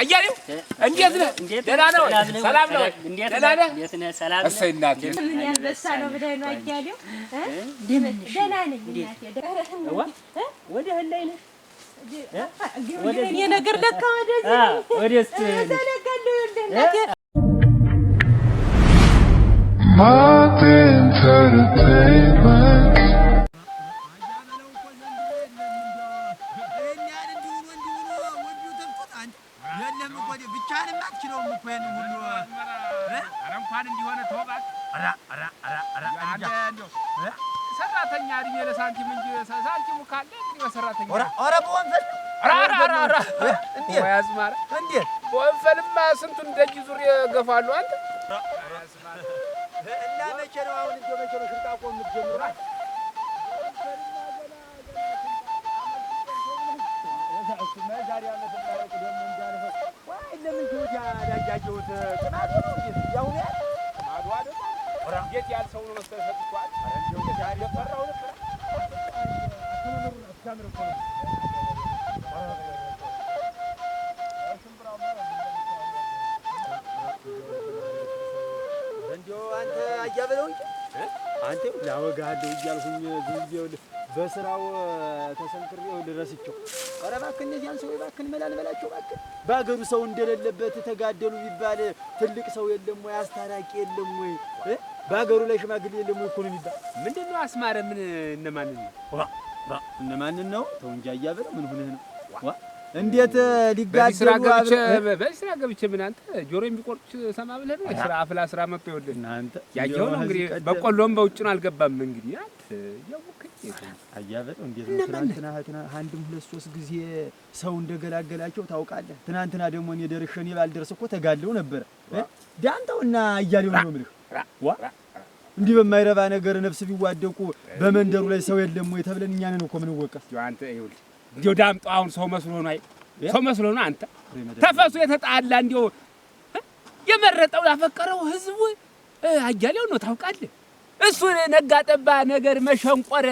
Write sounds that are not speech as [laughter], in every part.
አያሌው እንዴት ነህ? ደህና ነው። ሰላም ነው። ደህና ነህ? እሰይ እናቴ ምን ያንበሳ ነው ብለህ ነው አያሌው? ደህና ነኝ እናቴ። ወደህ ላይ ነህ? እኔ ነገር ለካ ወደዚህ ተርቴ እናቴ እኮ ሁሉ ኧረ እንኳን እንዲሆነ ተወቃት ሰራተኛ እድሜ ለሳንቲም እንጂ ሳንቲሙ ካለ በሰራተኛ ኧረ በወንፈል አዝማራ ስንቱን ደጅ ዙር ገፋሉ። አንተ እና መቼ ነው አሁን እንደው መቼ ነው ሽርጣ እኮ አንተ አያ እንጂ አንተ ላወጋህ እያልኩኝ ብዙ ጊዜ በስራው ተሰንክሬ ልረስቸው። ኧረ እባክህ እነዚያን ሰው እባክህ መላል በላቸው እባክህ። በአገሩ ሰው እንደሌለበት ተጋደሉ ቢባል ትልቅ ሰው የለም ወይ? አስታራቂ የለም ወይ? በአገሩ ላይ ሽማግሌ የለም ወይ? ኮኑ ይባል ምንድን ነው አስማረ? ምን እነማንን ነው እነማንን ነው? ተው እንጂ አያበለ ምን ሁነህ ነው? እንዴት ሊጋደሉ ስራ ገብቼ ገብቼ ምን አንተ ጆሮ የሚቆርጥ ሰማ ብለህ ነው? ስራ አፍላ ስራ መጥቶ ይወልድ እናንተ ያየው ነው እንግዲህ። በቆሎም በውጭ ነው አልገባም እንግዲህ አንተ ያውከኝ አያበጥ እንዴት ነው? ትናንትና አንድም ሁለት ሶስት ጊዜ ሰው እንደገላገላቸው ታውቃለህ። ትናንትና ደግሞ እኔ ደርሼ እኔ ባልደርስ እኮ ተጋድለው ነበረ። ዳንተውና እያሌው ነው የምልህ ዋ እንዲህ በማይረባ ነገር ነፍስ ቢዋደቁ በመንደሩ ላይ ሰው የለም ወይ ተብለን እኛንን እኮ ምን ወቀስ አንተ ይኸውልህ እንዲው ዳምጦ አሁን ሰው መስሎ ነው። አይ ሰው መስሎ ነው። አንተ ተፈሱ የተጣላ እንዲው የመረጠው ላፈቀረው ህዝቡ አያሌው ነው ታውቃለህ። እሱ ነጋጠባ ነገር መሸንቆር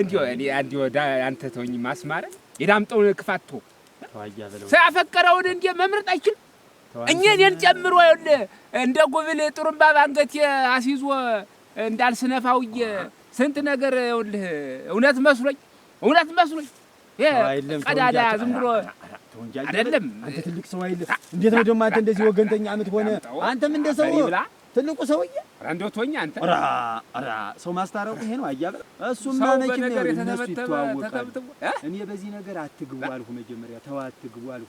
እንዲው እኔ እንዲው አንተ ተወኝ ማስማረ የዳምጠውን ክፋት ተው። ሰው ያፈቀረውን እንዲህ መምረጥ አይችልም። እኛ ጨምሮ ይኸውልህ እንደ ጉብል ጥሩምባ ባንገቴ አስይዞ እንዳልስነፋውዬ ስንት ነገር ይኸውልህ እውነት መስሎኝ እውነት መስሎኝ ቀዳዳ ዝም ብሎ አይደለም። አንተ ትልቅ ሰው አይደል? እንዴት ነው ደግሞ አንተ እንደዚህ ወገንተኛ አመት ሆነ? አንተም እንደ ሰው ትልቁ ሰውዬ እንደው ትሆኛ አንተ ኧረ ኧረ ሰው ማስታረቁ ይሄ ነው። አያበላ እሱማ መቼም ነው እነሱ ይተዋወቃሉ። እኔ በዚህ ነገር አትግቡ አልሁ መጀመሪያ ተው አትግቡ አልሁ።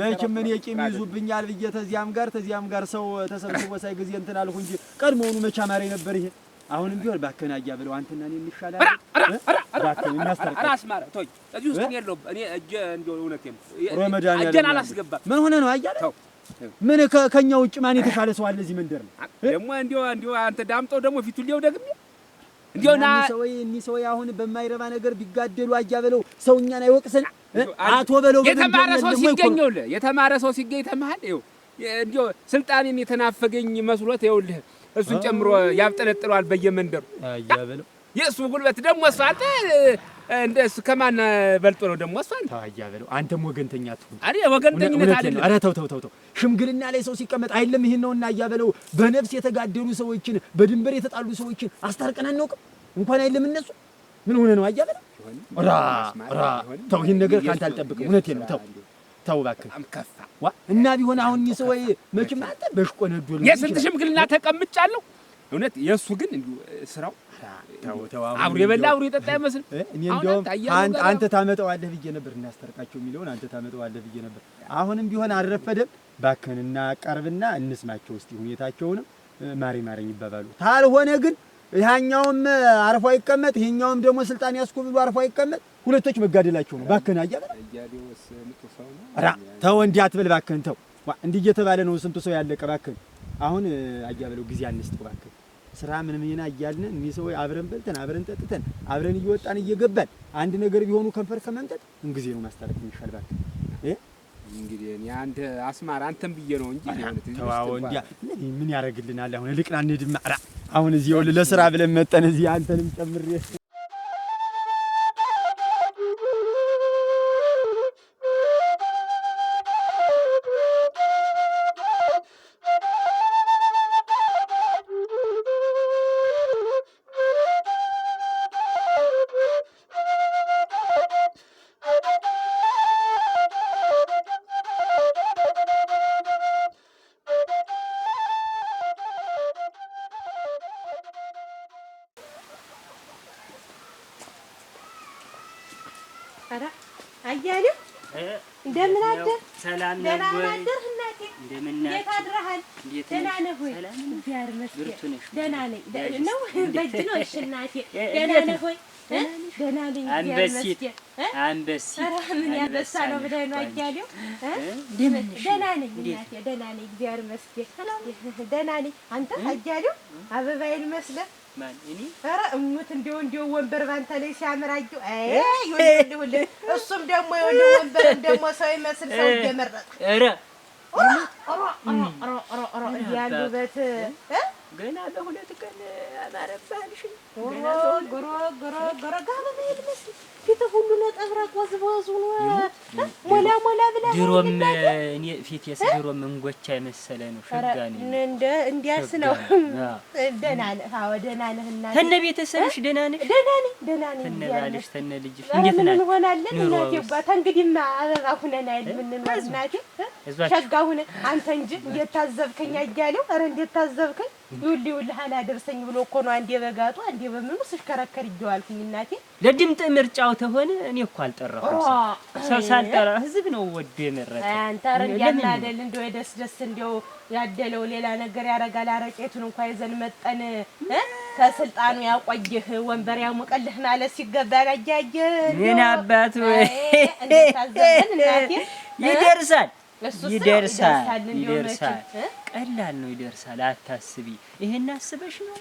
መቼም እኔ ቂም ይዙብኛል ብዬ ተዚያም ጋር ተዚያም ጋር ሰው ተሰብስቦ ሳይ ጊዜ እንትን አልሁ እንጂ ቀድሞውኑ መቼ አማረኝ ነበር ይሄ አሁንም ቢሆን ባከና አያ ብለው አንተና እኔ እንሻላለን። ምን ሆነ ነው አያለ ምን ከኛ ውጭ ማን የተሻለ ሰው አለ እዚህ መንደር ነው? ደግሞ እንዲያው እንዲያው አንተ ዳምጠው ደግሞ ፊቱ ሊው ደግሜ እንዲያው ና እኒህ ሰው አሁን በማይረባ ነገር ቢጋደሉ አያ ብለው ሰው እኛን አይወቅስን አቶ በለው የተማረ ሰው ሲገኘውልህ የተማረ ሰው ሲገኝ ተመሃል ይኸው እንዲያው ስልጣኔን የተናፈገኝ መስሎት ይኸውልህ እሱን ጨምሮ ያብጠለጥለዋል በየመንደሩ የእሱ ጉልበት ደግሞ እሱ አንተ እንደ እሱ ከማን በልጦ ነው ደግሞ እሱ አንተ ታያ በለው። አንተም ወገንተኛ አትሁን። አሬ ወገንተኝነት አይደለም። አረ ተው ተው ተው ተው። ሽምግልና ላይ ሰው ሲቀመጥ አይደለም ይሄን ነውና ያበለው። በነፍስ የተጋደሉ ሰዎችን በድንበር የተጣሉ ሰዎችን አስታርቀን አናውቅም። እንኳን አይደለም እነሱ ምን ሆነ ነው አያ በለው። ራ ራ ተው፣ ይሄን ነገር ካንተ አልጠብቅም። እውነቴን ነው ተው ተው እባክህ ከፋ እና ቢሆን አሁን ይህ ሰው መቼም አንተ በሽቆ ነዶ የስንት ሽምግልና ተቀምጫለሁ። እውነት የእሱ ግን ስራው አብሮ የበላ አብሮ የጠጣ አይመስልም። እኔ እንዲያውም አንተ ታመጣዋለህ ብዬ ነበር፣ እናስታርቃቸው የሚለውን አንተ ታመጣዋለህ ብዬ ነበር። አሁንም ቢሆን አልረፈደም። እባክህን እናቀርብና እንስማቸው እስቲ ሁኔታቸውንም ማሪ ማረኝ ይባባሉ። ካልሆነ ግን ያኛውም አርፎ አይቀመጥ፣ ይሄኛውም ደግሞ ስልጣን ያስኩ ብሎ አርፎ አይቀመጥ። ሁለቶች መጋደላቸው ነው። ባክህን አያ ራ ተው፣ እንዲህ አትበል ባክህን ተው። እንዲህ እየተባለ ነው ስንቱ ሰው ያለቀ። ባክህን አሁን አያ በለው ጊዜ አንስጥ ባክህን። ስራ ምን ምን እያልን እኒህ ሰው አብረን በልተን አብረን ጠጥተን አብረን እየወጣን እየገባን አንድ ነገር ቢሆኑ ከንፈር ከመምጠጥ እንጊዜ ነው ማስታረቅ የሚሻል ባክህን እ እንግዲህ እኔ አንተ አስማራ አንተም ብዬ ነው እንጂ ተው፣ እንዲያ ምን ያደርግልናል አሁን ልቅና እንሂድማ ራ አሁን እዚህ ለስራ ብለን መጠን እዚህ አንተንም ጨምሬ ነው [laughs] በእጅ ነው። እሺ እናቴ ደህና ነህ ወይ? ደህና ነኝ። አንበሲት አንበሲት ኧረ ምን ያንበሳ ነው ብለህ ነው አያሌው? ደህና ነኝ እናቴ ደህና ነኝ፣ እግዚአብሔር ይመስገን [laughs] ደህና ነኝ። አንተ አያሌው አበባዬን መስለህ ኧረ እሙት እንደው እንደው ወንበር ባንተ ላይ ሲያምር አየሁ። እሱም ደግሞ ይኸውልህ ወንበርም ደግሞ ሰው ይመስል ሰው እየመረጥክ ኧረ ኧረ ገና በሁለት ቀን አማረባልሽኝ። ግሮ ግሮ ግሮ ጋር በመሄድ መስል ፊትህ ሁሉ ነጠብራቅ ወዝወዝ ሆኖ ሞላ ሞላ ብላ ድሮም እኔ ፊቴስ ድሮም እንጎቻ የመሰለ ነው። ሸጋ እንደ እንዲያስ ነው። ደህና ነህ? አዎ ደህና ነህ። እና ተነ ቤተሰብሽ ደህና ነሽ? ደህና ነኝ፣ ደህና ነኝ። ተነ ባልሽ ተነ ልጅሽ እንዴት ናት? እንሆናለን እናቴ ባ ተንግዲህ አበባ ሁነን አይደል? ምን እናቴ ሸጋሁን አንተ እንጂ እንዴት አያሌው፣ ኧረ እንዴት ይኸውልህ ይኸውልህ አላደርሰኝ ብሎ እኮ ነው አንዴ በጋጡ አንዴ በምኑ ስሽከረከር እናቴ ለድምጥ ምርጫው ተሆነ እኔ እኮ አልጠራሁም። ሰው ሳልጠራ ህዝብ ነው ወዶ የመረጠ። አንተ ኧረ አይደል እንደው የደስ ደስ እንደው ያደለው ሌላ ነገር ያደርጋል። አረቄቱን እንኳ ይዘን መጠን ከስልጣኑ ያቆየህ ወንበር ያሙቀልህ ማለት ሲገባ ያጃጀህ ምን አባቱ ይደርሳል ይደርሳል ይደርሳል፣ ቀላል ነው። ይደርሳል፣ አታስቢ። ይሄን አስበሽ ነው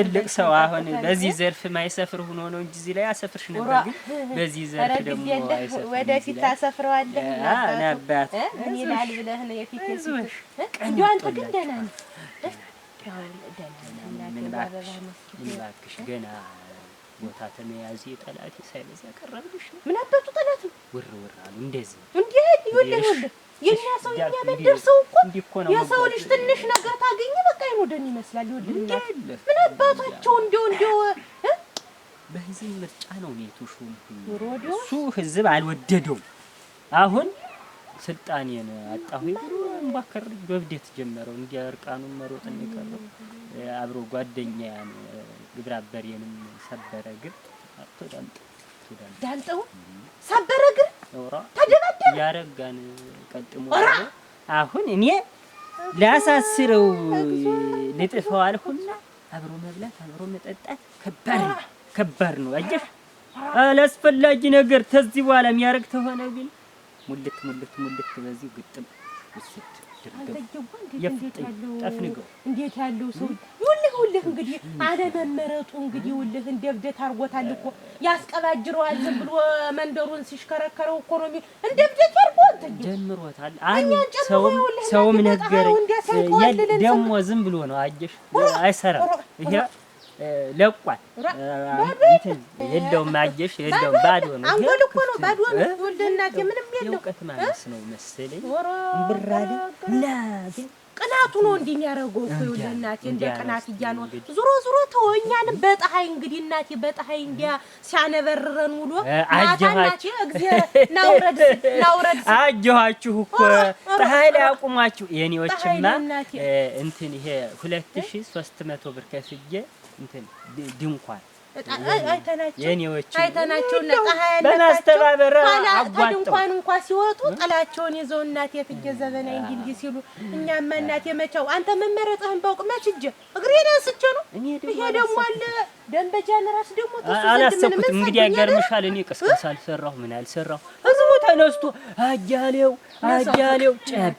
ትልቅ ሰው አሁን በዚህ ዘርፍ ማይሰፍር ሆኖ ነው እንጂ እዚህ ላይ አሰፍርሽ ነበር፣ ግን በዚህ ዘርፍ ደግሞ ወደፊት አሰፍረዋለሁ ነበር። እንዲሁ አንተ ግን ደህና ነህ። ምን እባክሽ ገና ቦታ ተመያዙ የጠላት ሳይበዛ ቀረብልሽ ነው። ምን አባቱ ጠላት ነው? ውር ውር አሉ እንደዚህ እንዴ ይወለድ ወለድ የኛ ሰው የኛ በደር ሰው እኮ የሰው ልጅ ትንሽ ነገር ታገኘ በቃ ይሞደን ይመስላል። ይወልድ ምን አባታቸው እንዲው እንዲው በህዝብ ምርጫ ነው ኔቱ ሹም እሱ ህዝብ አልወደደው አሁን ስልጣኔን አጣሁ ብሎ እምባከር በብዴት ጀመረው። እንዲያ እርቃኑን መሮጥ እንቀረው አብሮ ጓደኛያን ግብረ አበሬንም ሰበረ ግን አቶ ዳንጠ ዳንጠው ሰበረ ግን ተደበደበ። ያረጋን ቀጥሞ አሁን እኔ ላሳስረው ልጥፈው አልኩና አብሮ መብላት አብሮ መጠጣት ከባድ ነው ከባድ ነው። አየሽ አላስፈላጊ ነገር ተዚህ በኋላ የሚያደርግ ተሆነ ግን ሙልክ ሙልክ ሙልክ በዚህ ግጥም ውስጥ እንዴት ያለው ሰው ይኸውልህ፣ ይኸውልህ እንግዲህ አለመመረጡ እንግዲህ ይኸውልህ እንደ እብደት አድርጎታል እኮ ያስቀባጅረዋል። ዝም ብሎ መንደሩን ሲሽከረከረው እኮ ነው እንደ እብደት አድርጎ ጀምሮታል። ሰውም ነገረኝ ደግሞ ዝም ብሎ ነው አየሽ፣ አይሰራም ይሄ ለቋል። የለውም አየሽ፣ የለውም ባዶ ነው። አንጎል እኮ ነው ባዶ ነው። ወልደናት ምንም የለው። እውቀት ማነስ ነው መሰለኝ። እምብራሊ ናዚ ቅናቱ ነው እንዲህ የሚያደርገው እኮ እናቴ፣ እንደ ቅናት እያለ ዙሮ ዙሮ ተወው። በፀሐይ እንግዲህ እናቴ፣ በፀሐይ እንዲያ ሲያነበርረን ውሎ ማታ እኮ ፀሐይ ላይ አቁሟችሁ የኔዎችማ እንትን ይሄ ሁለት ሺህ ሦስት መቶ ብር ከፍዬ ድንኳን የኔዎች እንኳ ሲወጡ ጥላቸውን ይዘው እናቴ ፍጀ ዘበና እንዲህ እንዲህ ሲሉ እኛማ እናቴ መቻው አንተ መመረጥህን ባውቅ መች እጄ እግሬን አንስቼ ነው። ይሄ ደግሞ አለ ደንበጃን እራሱ ደግሞ አላሰብኩትም። እንግዲህ ያገርምሻል፣ እኔ ቅስቀሳ አልሰራሁ ምን አልሰራሁ እዚሁ ተነስቶ አያሌው አያሌው ጨብ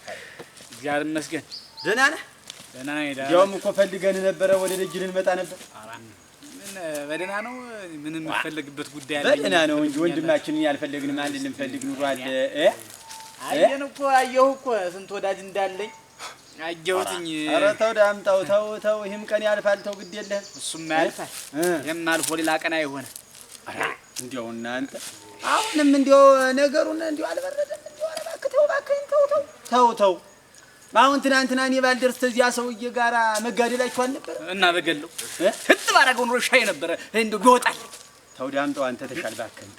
እግዚአብሔር ይመስገን። ደህና ነህ? ደህና ነኝ። ያውም እኮ ፈልገን ነበረ። ወደ ደጅ ልንመጣ ነበር። በደህና ነው። ምን የምፈልግበት ጉዳይ አለ? በደህና ነው እንጂ ወንድማችንን ያልፈለግን ማን ልንፈልግ ኑሮ አለ? አየን እኮ አየሁ እኮ ስንት ወዳጅ እንዳለኝ አየሁትኝ። ኧረ ተው ዳምጣው፣ ተው ተው፣ ይህም ቀን ያልፋል። ተው ግድ የለህም። እሱም ያልፋል። ይህም አልፎ ሌላ ቀን አይሆነ እንዲያው እናንተ አሁንም እንዲያው ነገሩን እንዲያው አልበረደም። እንዲያው እባክህ ተው፣ እባክህን ተው ተው ተው ተው አሁን ትናንትና እኔ ባልደርስ ተዚያ ሰውዬ ጋራ መጋደላችሁ አልነበረ እና በገለው ህጥ ባረገው ኑሮ ሻይ ነበረ እንደ ይወጣል። ተው ዳምጠው፣ አንተ ተሻል እባክህ።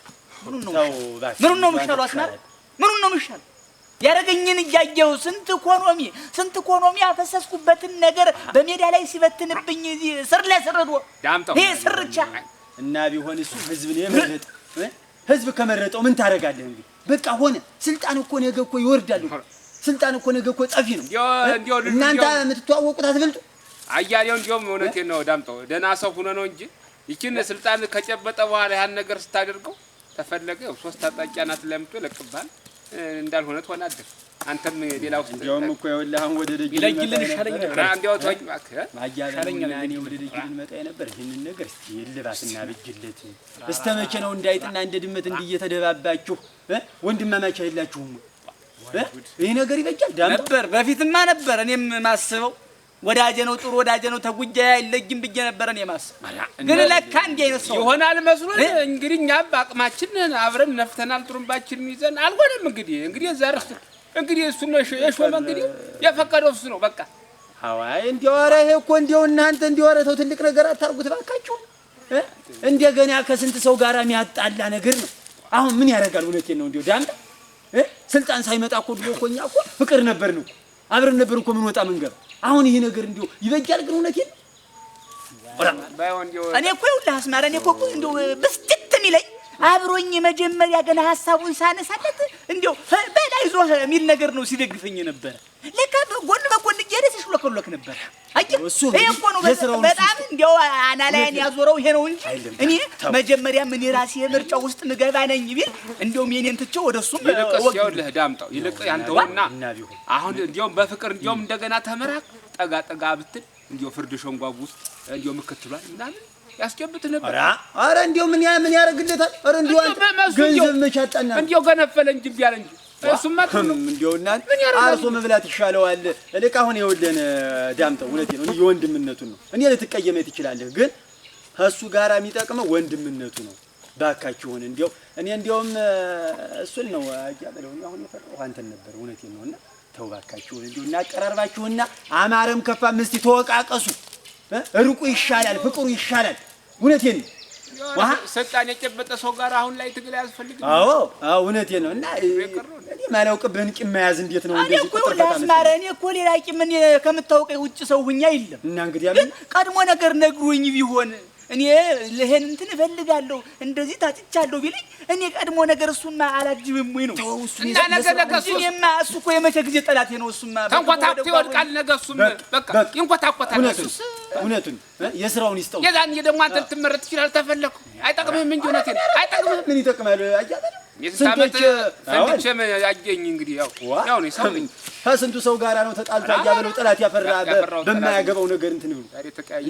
ምኑን ነው ምኑን ነው የሚሻሉ አስናረ ምኑን ነው የሚሻሉ? ያረገኝን እያየው ስንት ኢኮኖሚ ስንት ኢኮኖሚ ያፈሰስኩበትን ነገር በሜዳ ላይ ሲበትንብኝ ስር ለስር ዶ ዳምጠው፣ ይሄ ስርቻ እና ቢሆን እሱ ህዝብ ነው የመረጠ ህዝብ ከመረጠው ምን ታደርጋለህ እንግዲህ በቃ ሆነ። ስልጣን እኮ ነገ እኮ ይወርዳል እኮ ስልጣን እኮ ነገ እኮ ጸፊ ነው። እናንተ የምትተዋወቁት አትበልጡ። አያሌው እንዲሁም እውነቴን ነው ዳምጠው ደህና ሰው ሁነ ነው እንጂ ይችን ስልጣን ከጨበጠ በኋላ ያን ነገር ስታደርገው ተፈለገ ሶስት አቅጣጫ ናት ለምቶ ለቅባል እንዳልሆነ ትሆናለህ። አንተም ሌላው ውስጥ እንዲያውም እኮ ይኸውልህ ወደ ደጅ ይለይልን ይሻለኝ ነበር። እንዲያው ተወኝ እባክህ ማያለኝ እኔ ወደ ደጅ ልመጣ የነበር ይህንን ነገር እስቲ ይልባትና ብጅለት እስከ መቼ ነው እንዳይጥና እንደ ድመት እንዲህ እየተደባባችሁ ወንድማማች አይላችሁም? ይሄ ነገር ይበጃል። ነበር በፊትማ ነበር። እኔም ማስበው ወዳጀ ነው፣ ጥሩ ወዳጀ ነው፣ ተጉጃ አይለይም ብዬ ነበር እኔ ማስበው። ግን ለካ እንዲህ አይነት ሰው ይሆናል መስሎን እንግዲህ እኛም አቅማችን አብረን ነፍተናል፣ ጥሩምባችን ይዘን አልሆነም። እንግዲህ እንግዲህ ዛርስ እንግዲህ እሱ ነው የሾመ፣ እንግዲህ የፈቀደው እሱ ነው በቃ። አዋይ እንዲወረ ኧረ ይሄ እኮ እንዲያው እናንተ እንዲወረ ተው ትልቅ ነገር አታርጉት እባካችሁ። እንደገና ከስንት ሰው ጋራ የሚያጣላ ነገር ነው። አሁን ምን ያደርጋል? እውነቴን ነው እንዲያው ዳምጣ ስልጣን ሳይመጣ እኮ ድሮ እኮ እኛ እኮ ፍቅር ነበር ነው አብረን ነበር እኮ ምን ወጣ መንገር አሁን ይሄ ነገር እንዲሁ ይበጃል። ግን እውነቴን እኔ እኮ ይኸውልህ አስማራ እኔ እኮ እኮ እንደው የሚለኝ አብሮኝ መጀመሪያ ገና ሀሳቡን ሳነሳለት እንደው በላይ ዞህ የሚል ነገር ነው ሲደግፈኝ ነበረ ለካ በጎ እያለ ሲሽሎክሎክ ነበር። ይሄ እኮ ነው በጣም እንዲያው አናላያን ያዞረው ይሄ ነው እንጂ እኔ መጀመሪያ ምን የራሴ ምርጫ ውስጥ ምገባ ነኝ ቢል እንዲያውም የኔን ትቼው ወደ እሱም ይልቅስ ዳምጠው ይልቅ ያንተውና አሁን እንዲያውም በፍቅር እንዲያውም እንደገና ተመራክ ጠጋ ጠጋ ብትል እንዲያው ፍርድ ሸንጓብ ውስጥ እንዲያው ምክትሏል ምናምን ያስገብት ነበር። አረ እንዲያው ምን ያ ምን ያደርግለታል? አረ እንዲያው ገንዘብ መቻጣና እንዲያው ገነፈለ እንጂ ቢያለ እንጂ እሱማ ጥሩ ነው። እንደው እናት አርሶ መብላት ይሻለዋል። ልቅ አሁን የወለን ዳምጠው እውነቴ ነው የወንድምነቱን ነው። እኔ ልትቀየመኝ ትችላለህ፣ ግን ከእሱ ጋር የሚጠቅመው ወንድምነቱ ነው። ባካችሁን እንዲያው እኔ እንዲያውም እሱን ነው አያበለው አሁን የፈራሁ አንተን ነበር። እውነቴ ነው እና ተው ባካችሁን እንዲሁ እናቀራርባችሁና አማረም ከፋም እስቲ ተወቃቀሱ። ርቁ ይሻላል፣ ፍቅሩ ይሻላል። እውነቴን ነው ስልጣን የጨበጠ ሰው ጋር አሁን ላይ ትግል አያስፈልግም። አዎ ነው። እና እኔ ማላውቅብህን ቂም መያዝ እንዴት ነው እኔ እኮ ሌላ ውጭ ሰው ሁኛ የለም። እና እንግዲህ ቀድሞ ነገር ነግሮኝ ቢሆን እኔ ልሄን እንትን እፈልጋለሁ እንደዚህ ታጭቻለሁ ቢልኝ እኔ ቀድሞ ነገር እሱማ አላጅብም ወይ ነው እና ነገ ነገ እሱማ እሱ እኮ የመቼ ጊዜ ጠላቴ ነው። እሱማ ተንኮታኩቶ ይወድቃል። ነገ እሱም በቃ ይንኮታኮታል። እሱስ እውነቱን የስራውን ይስጠው። የዛን ደግሞ አንተ ልትመረጥ ትችላለህ። ተፈለኩ አይጠቅምህም እንጂ እውነቴን አይጠቅምህም። ምን ይጠቅማል? አያለ ስንቶች ፈንድቼም ያገኝ እንግዲህ ያው ያው ነው ሰው ከስንቱ ሰው ጋራ ነው ተጣልቶ ያያበለው ጠላት ያፈራ በማያገባው ነገር እንትን ነው።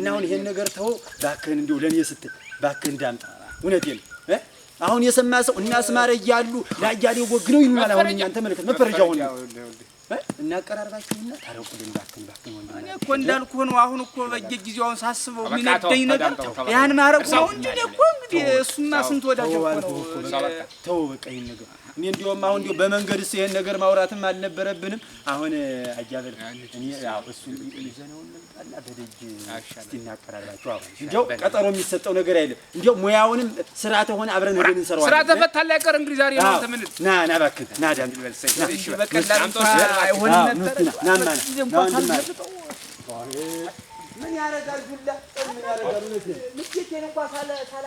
እና አሁን ይሄን ነገር ተው ባክህን፣ እንደው ለኔ ስትል ባክህን እንዳምጣ እውነቴን አሁን የሰማ ሰው እና አስማረ እያሉ ላያሌው ወግነው ይሉናል። አሁን እኛን ተመልከት መፈረጃ ነው እናቀራርባችሁና ታረቁልን እባክህን እባክህን እኔ እኮ እንዳልኩህ ነው። አሁን እኮ በየጊዜው አሁን ሳስበው የሚነደኝ ነገር ያን ማረቁ ነው እንጂ እኔ እኮ እንግዲህ እሱና ስንት ወዳጅ ተወው፣ በቃ ይሄን ነገር እኔ እንዲሁም አሁን እንዲሁ በመንገድ እሱ ይሄን ነገር ማውራትም አልነበረብንም። አሁን አጃብር እኔ ያው እሱ ይዘነው ልምጣና በደጅ እስቲ እናቀራርባቸው። አሁን እንዲያው ቀጠሮ የሚሰጠው ነገር አይደለም። እንዲያው ሙያውንም ስራ ተሆነ አብረን ሄደን እንሰራዋለን። ስራ ተፈታ ላይ ቀር እንግዲህ ዛሬ ነው ተምን ና ና እባክህ ና ዳም እሺ በቀላል እንትን አይሆንም ነበር ና ና ና ምን ያረጋል ጉላ ምን ያረጋል ነው እንኳን ሳላ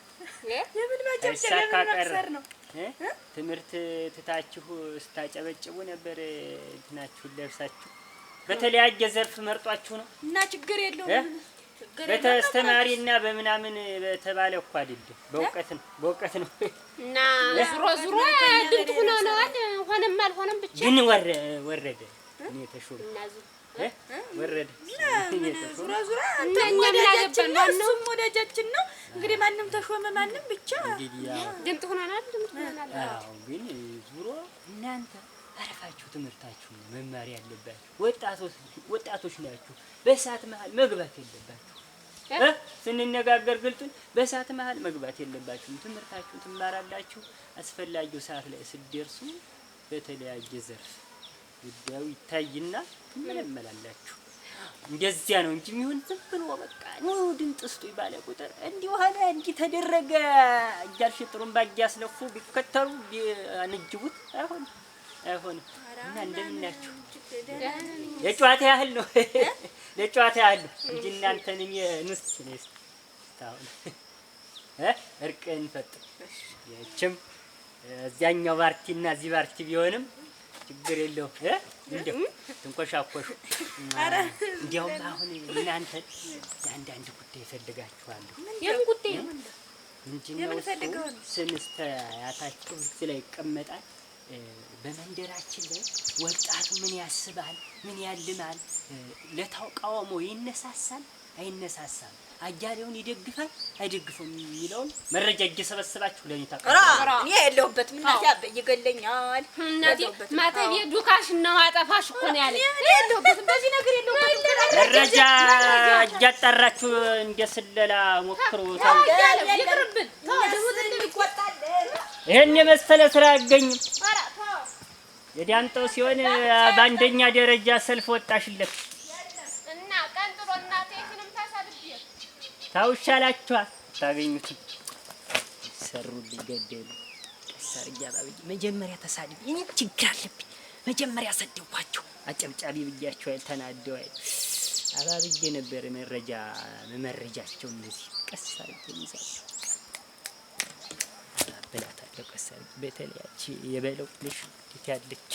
የምን መጨብጨብ ነው? ትምህርት ትታችሁ ስታጨበጭቡ ነበር። እንትናችሁን ለብሳችሁ በተለያየ ዘርፍ መርጧችሁ ነው እና ችግር የለውም በተስተማሪ እና በምናምን በተባለ እኮ አይደለም፣ በእውቀት ነው በእውቀት ነው። እና ዙሮ ዙሮ ድምፅ ሆኖ ነዋል። ሆነም አልሆነም ብቻ ግን ወረደ እኔ ተሾመ ወረደ ዙራ ዙራ እሱም ወዳጃችን ነው። እንግዲህ ማንም ተሾመ ማንም ብቻ ድምፅ ሆናናል። ግን ዙሮ እናንተ አረፋችሁ ትምህርታችሁ መማር ያለባችሁ ወጣቶች ናችሁ። በእሳት መሀል መግባት የለባችሁ። ስንነጋገር ግልጡን በእሳት መሀል መግባት የለባችሁም። ትምህርታችሁ ትማራላችሁ። አስፈላጊው ሰዓት ላይ ስትደርሱ በተለያየ ዘርፍ ጉዳዩ ይታይና ትመለመላላችሁ። እንደዚያ ነው እንጂ የሚሆን ዝም ብሎ በቃ ነው ድምፅ ስጡኝ ባለ ቁጥር እንዲህ ሆነ እንዲህ ተደረገ እያልሽ ጥሩምባ እያስለፉ ቢከተሉ ቢንጅቡት አይሆን አይሆን። እና እንደምናችሁ ለጨዋታ ያህል ነው፣ [laughs] ለጨዋታ ያህል ነው እንጂ እናንተን ንስ ኔስ ታሁን እርቅን ፈጥ የችም እዚያኛው ፓርቲ እና እዚህ ፓርቲ ቢሆንም ችግር የለውም። እንዲያው ትንኮሻኮሹ እንዲያውም አሁን እናንተ የአንዳንድ ጉዳይ እፈልጋችኋለሁ። የምን ጉዳይ ምንድነው? ስንስተ አያታችሁ እዚህ ላይ ይቀመጣል። በመንደራችን ላይ ወጣቱ ምን ያስባል? ምን ያልማል? ለተቃውሞ ይነሳሳል አይነሳሳም። አጃሪውን ይደግፋል አይደግፈውም የሚለውን መረጃ እየሰበሰባችሁ ለኔ ታቀራ። እኔ የለሁበትም እናቴ ይገለኛል። እናቴ ማተብ ዱካሽ ነው አጠፋሽ እኮ ነው ያለ። እኔ የለሁበትም በዚህ ነገር የለሁበትም። መረጃ እያጣራችሁ እንደ ስለላ ሞክሩ። ይቅርብን። ይሄን የመሰለ ስራ አያገኝም። የዳምጠው ሲሆን በአንደኛ ደረጃ ሰልፍ ወጣሽለት። ታውሻላችኋ ታገኙት ሰሩልኝ ገደሉ ሳር እያባብዬ መጀመሪያ ተሳድቤ እኔ ችግር አለብኝ። መጀመሪያ ሰደብኳቸው አጨብጫቢ ብያቸው አይደል ተናደው አይደል አባብዬ ነበር መረጃ መመረጃቸው እነዚህ ቀስ ይዛቸው ብላታለሁ። ቀስ በተለያች የበለው ልሽ ያለች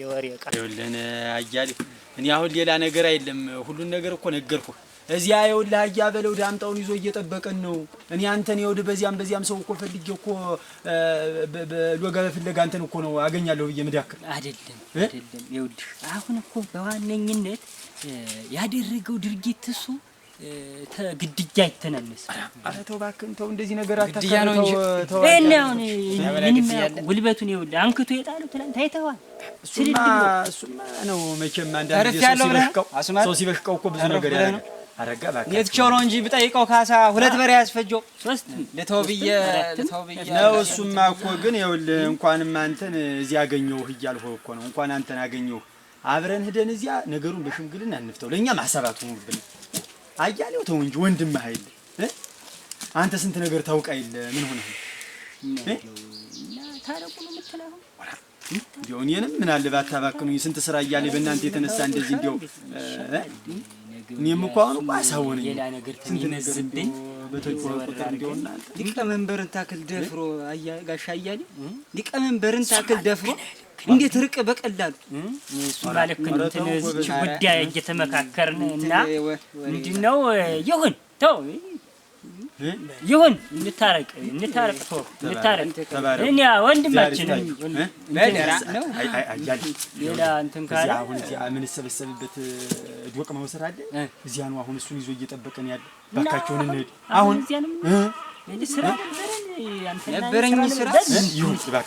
የወሬ ዕቃ ይኸውልህ አያሌው፣ እኔ አሁን ሌላ ነገር አይደለም ሁሉን ነገር እኮ ነገርኩህ። እዚያ ይኸውልህ በለው ዳምጣውን ይዞ እየጠበቀን ነው። እኔ አንተን የውድ በዚያም በዚያም ሰው እኮ ፈልጌ እኮ ሎጋ በፍለጋ አንተን እኮ ነው አገኛለሁ ብዬ መዳክር አይደለም አይደለም። ይኸውልህ አሁን እኮ በዋነኝነት ያደረገው ድርጊት እሱ ግድያ አይተናነስ። ኧረ ተው እባክህን ተው፣ እንደዚህ ነገር አታካሁን። ጉልበቱን ይኸውልህ አንክቶ የጣለው ትላንት አይተኸዋል። እሱማ ነው መቼም አንዳንድ ሰው ሲበሽቀው እኮ ብዙ ነገር ያለ አረጋ እባክህ ነው እንጂ ብጠይቀው ካሳ ሁለት በሬ ያስፈጀው ሶስት ልተው ብዬ ነው። እሱማ እኮ ግን ይኸውልህ እንኳንም አንተን እዚህ አገኘሁህ እኮ ነው። እንኳን አንተን አገኘሁህ አብረን ሂደን እዚያ ነገሩን በሽምግልና እንፍተው። ለእኛ ማሰባት ሆኑብን አያሌው ተው እንጂ አንተ ስንት ነገር ታውቃ የለ ምን ሆነህ እኔንም አለ ባታባክኑኝ ስንት ስራ እያለኝ በእናንተ የተነሳ እንደዚህ እንዲያው እኔም እኮ አሁን እኮ ሀሳቡ ነኝ። ስንት ነገር ሊቀመንበርን ታክል ደፍሮ ጋሻ እያለ ሊቀመንበርን ታክል ደፍሮ እንዴት ርቅ በቀላሉ እሱማ ልክ እንትን ጉዳይ እየተመካከርን እና ምንድን ነው ይሁን ተው ይሁን እንታረቅ፣ እንታረቅ፣ እንታረቅ። እኔ ወንድማችን ሌላ እንትን ካለ አሁን እዚያ የምንሰበሰብበት ዶቅ መውሰድ አለ። እዚያ ነው አሁን እሱን ይዞ እየጠበቀን ያለ። እባካቸውን እንሂድ አሁን ነበረኝ ስራ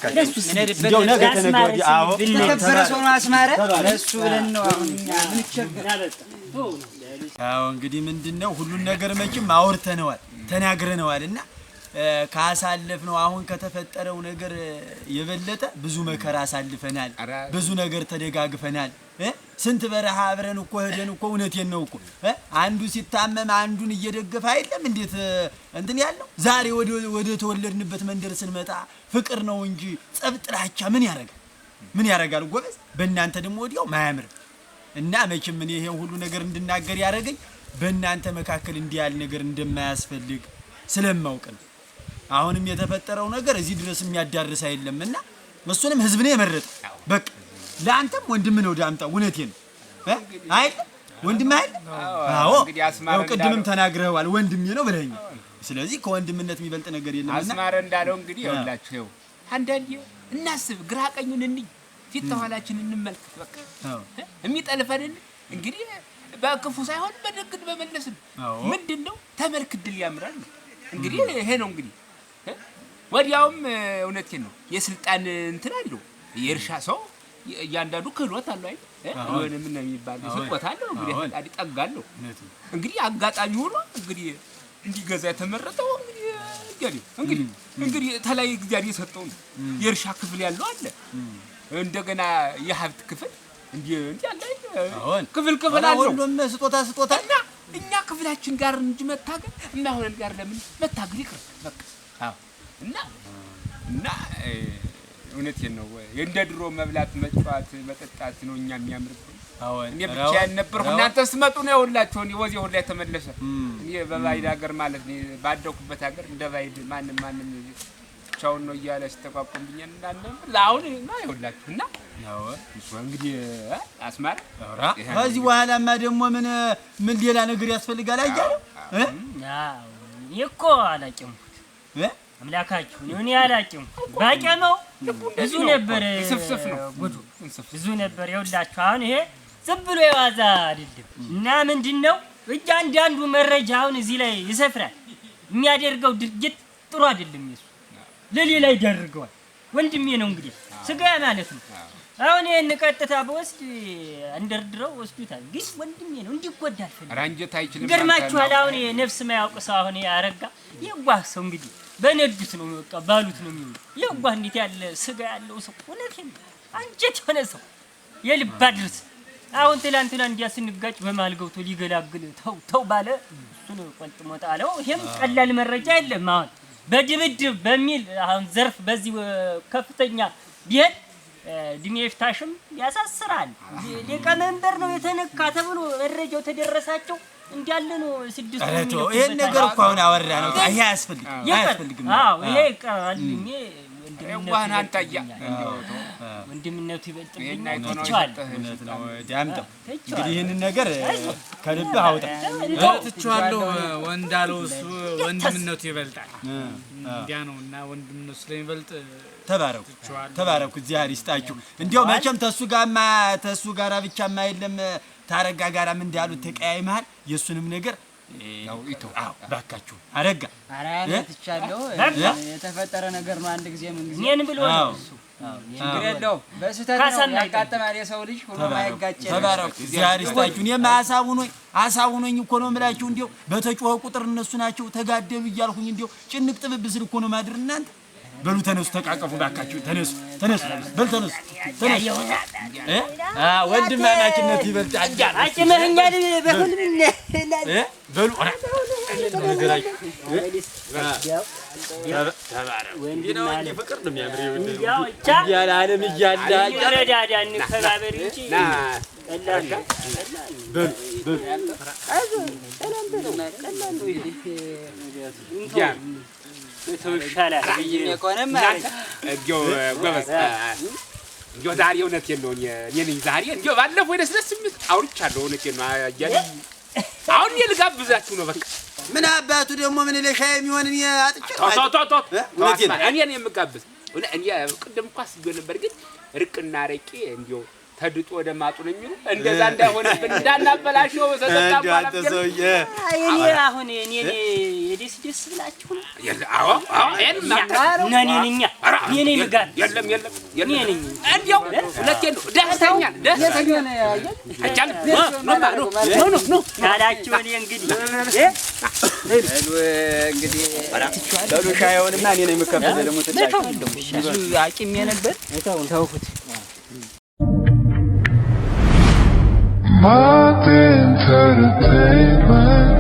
ተከበረ ሰው ነው አስማረ። ለእሱ ብለን ነው አሁን እኛ ምንቸገር። እንግዲህ ምንድን ነው ሁሉን ነገር መቼም አውርተነዋል። ተናግረነዋል እና ካሳለፍነው አሁን ከተፈጠረው ነገር የበለጠ ብዙ መከራ አሳልፈናል። ብዙ ነገር ተደጋግፈናል። ስንት በረሃ አብረን እኮ ሄደን እኮ እውነቴን ነው እኮ አንዱ ሲታመም አንዱን እየደገፈ አይደለም እንዴት እንትን ያለው። ዛሬ ወደ ተወለድንበት መንደር ስንመጣ ፍቅር ነው እንጂ ጸብ፣ ጥላቻ ምን ያረጋል? ምን ያረጋል? ጎበዝ በእናንተ ደግሞ ወዲያው ማያምርም እና መቼም እኔ ይሄን ሁሉ ነገር እንድናገር ያደረገኝ በእናንተ መካከል እንዲህ ያለ ነገር እንደማያስፈልግ ስለማውቅ ነው። አሁንም የተፈጠረው ነገር እዚህ ድረስ የሚያዳርስ አይደለም እና እሱንም ህዝብ ነው የመረጠው። በቃ ለአንተም ወንድም ነው ዳምጣ፣ እውነቴ ነው አይደለም ወንድም አይደል? አዎ ያው ቅድምም ተናግረዋል፣ ወንድሜ ነው ብለኸኛል። ስለዚህ ከወንድምነት የሚበልጥ ነገር የለም። አስማረ እንዳለው እንግዲህ ያውላችሁ፣ ይኸው አንዳንዴ እናስብ፣ ግራ ቀኙን እንይ ፊት ተኋላችን እንመልከት። በቃ የሚጠልፈንን እንግዲህ በክፉ ሳይሆን በደግን በመለስ ምንድን ነው ተመልክ ድል ያምራል። እንግዲህ ይሄ ነው እንግዲህ ወዲያውም እውነቴ ነው የስልጣን እንትን አለው የእርሻ ሰው እያንዳንዱ ክህሎት አለው አይ የሆነ ምን የሚባል ስጦታ አለው እንግዲህ ጠጋ አለው እንግዲህ አጋጣሚ ሆኖ እንግዲህ እንዲገዛ የተመረጠው እንግዲህ እንግዲህ እንግዲህ ተላይ እግዚአብሔር የሰጠው ነው የእርሻ ክፍል ያለው አለ እንደገና የሀብት ክፍል እንዲህ አሁን ክፍል ክፍል አለው። ሁሉም ስጦታ ስጦታ እና እኛ ክፍላችን ጋር እንጂ መታገል እና የማይሆነን ጋር ለምን መታገል ይቅር። በቃ አዎ። እና እና እውነቴን ነው እንደ ድሮ መብላት፣ መጫወት፣ መጠጣት ነው እኛ የሚያምርብን። እኔ ብቻዬን ነበርኩ። እናንተ ስትመጡ ነው የሁላችሁ ወዜ ሁላ የተመለሰ እኔ በባይድ ሀገር ማለት ነው ባደኩበት ሀገር እንደ ባይድ ማንም ማንም ብቻውን ነው እያለ ሲጠቋቁምብኝ እንዳለም ለአሁን ና ይኸውላችሁ እና እንግዲህ አስማር ከዚህ በኋላማ ደግሞ ምን ምን ሌላ ነገር ያስፈልጋል? አያለ እኮ አላውቅም፣ አምላካችሁ ያላቂም ባቂ ነው ብዙ ነበር፣ ስፍስፍ ነው ጉዱ ብዙ ነበር። ይወላችሁ አሁን ይሄ ዝም ብሎ የዋዛ አይደለም እና ምንድን ነው እያንዳንዱ መረጃ አሁን እዚህ ላይ ይሰፍራል። የሚያደርገው ድርጊት ጥሩ አይደለም የሱ ለሌላ ይደርገዋል። ወንድሜ ነው እንግዲህ ስጋ ማለት ነው። አሁን ይህን ቀጥታ በወስድ እንደርድረው ወስዱታል፣ ግን ወንድሜ ነው እንዲጎዳ አልፈልግም። ገርማችኋል። አሁን ነፍስ ማያውቅ ሰው አሁን ያረጋ የዋህ ሰው እንግዲህ በነዱት ነው በቃ ባሉት ነው የሚሆኑ የዋህ እንዴት ያለ ስጋ ያለው ሰው እውነት አንጀት የሆነ ሰው የልብ አድርስ አሁን ትላንትና እንዲያ ስንጋጭ በመሀል ገብቶ ሊገላግል ተው ተው ባለ እሱን ቆልጥሞ አለው። ይሄም ቀላል መረጃ የለም አሁን በድብድብ በሚል አሁን ዘርፍ በዚህ ከፍተኛ ቢሄድ ድሜ ፍታሽም ያሳስራል። ሊቀመንበር ነው የተነካ ተብሎ መረጃው ተደረሳቸው እንዳለ ነው። ስድስቱ ይሄን ነገር እኮ አሁን አወራ ነው። ይሄ አያስፈልግም፣ አያስፈልግም። ይሄ ቀልኝ ወንድምነት ወንድምነቱ ይበልጥብኝ። እንግዲህ ይህንን ነገር ከልብ አውጣ። ትችዋለሁ ወንዳለው እሱ ወንድምነቱ ይበልጣል። እንዲያ ነው እና ወንድምነቱ ስለሚበልጥ ተባረኩ፣ ተባረኩ። እግዚአብሔር ይስጣችሁ። እንዲያው መቼም ተሱ ጋማ ተሱ ጋራ ብቻ የማይለም ታረጋ ጋራም እንዳሉት ተቀያይመሃል። የእሱንም ነገር ባካችሁ አረጋ የተፈጠረ ነገር ነው። አንድ ጊዜ ምን ጊዜ ችግር የለውም። በስህተት ነው ያጋጠማል። የሰው ልጅ ሁሉም አይጋጭም። እግዚአብሔር ይስጣችሁ። እኔማ አሳውኖኝ አሳውኖኝ እኮ ነው የምላችሁ። እንዲያው በተጮኸ ቁጥር እነሱ ናቸው ተጋደሉ እያልኩኝ እንዲያው ጭንቅ ጥብብ ስል እኮ ነው ማድር። እናንተ በሉ ተነሱ፣ ተቃቀፉ እባካችሁ። ተነሱ፣ ተነሱ፣ በሉ ተነሱ፣ ተነሱ። ወንድማማችነት ይበልጣል። አጭመህኛል በሁሉም እንዲያው ዛሬ እውነቴን ነው። እኔ ነኝ ዛሬ እንዲያው ባለፈው ደስ ደስ አውርቻለሁ። እውነቴን ነው። አሁን እኔ ልጋብዛችሁ ነው በቃ ምን አባቱ ደግሞ ምን ለሻይ የሚሆን እኔ አጥቼ እኔን የምጋብዝ ቅድም እኮ አስቤው ነበር፣ ግን እርቅና ረቂ እንዲያው ተድጦ ወደ ማጡ ነው የሚሉ እንደዛ እንዳይሆንብን እንዳናበላሸው በሰጠታ ባላም እኔ አሁን እኔ የደስ ደስ ብላችሁ ነው። አዎ አዎ የለም የለም እንደው ሁለቴ ነው ደስተኛ ደስተኛ እንግዲህ እኔ ነኝ የምከፍለው ደግሞ ተጫቂ አቂም የነበር ተውኩት Martin Luther King.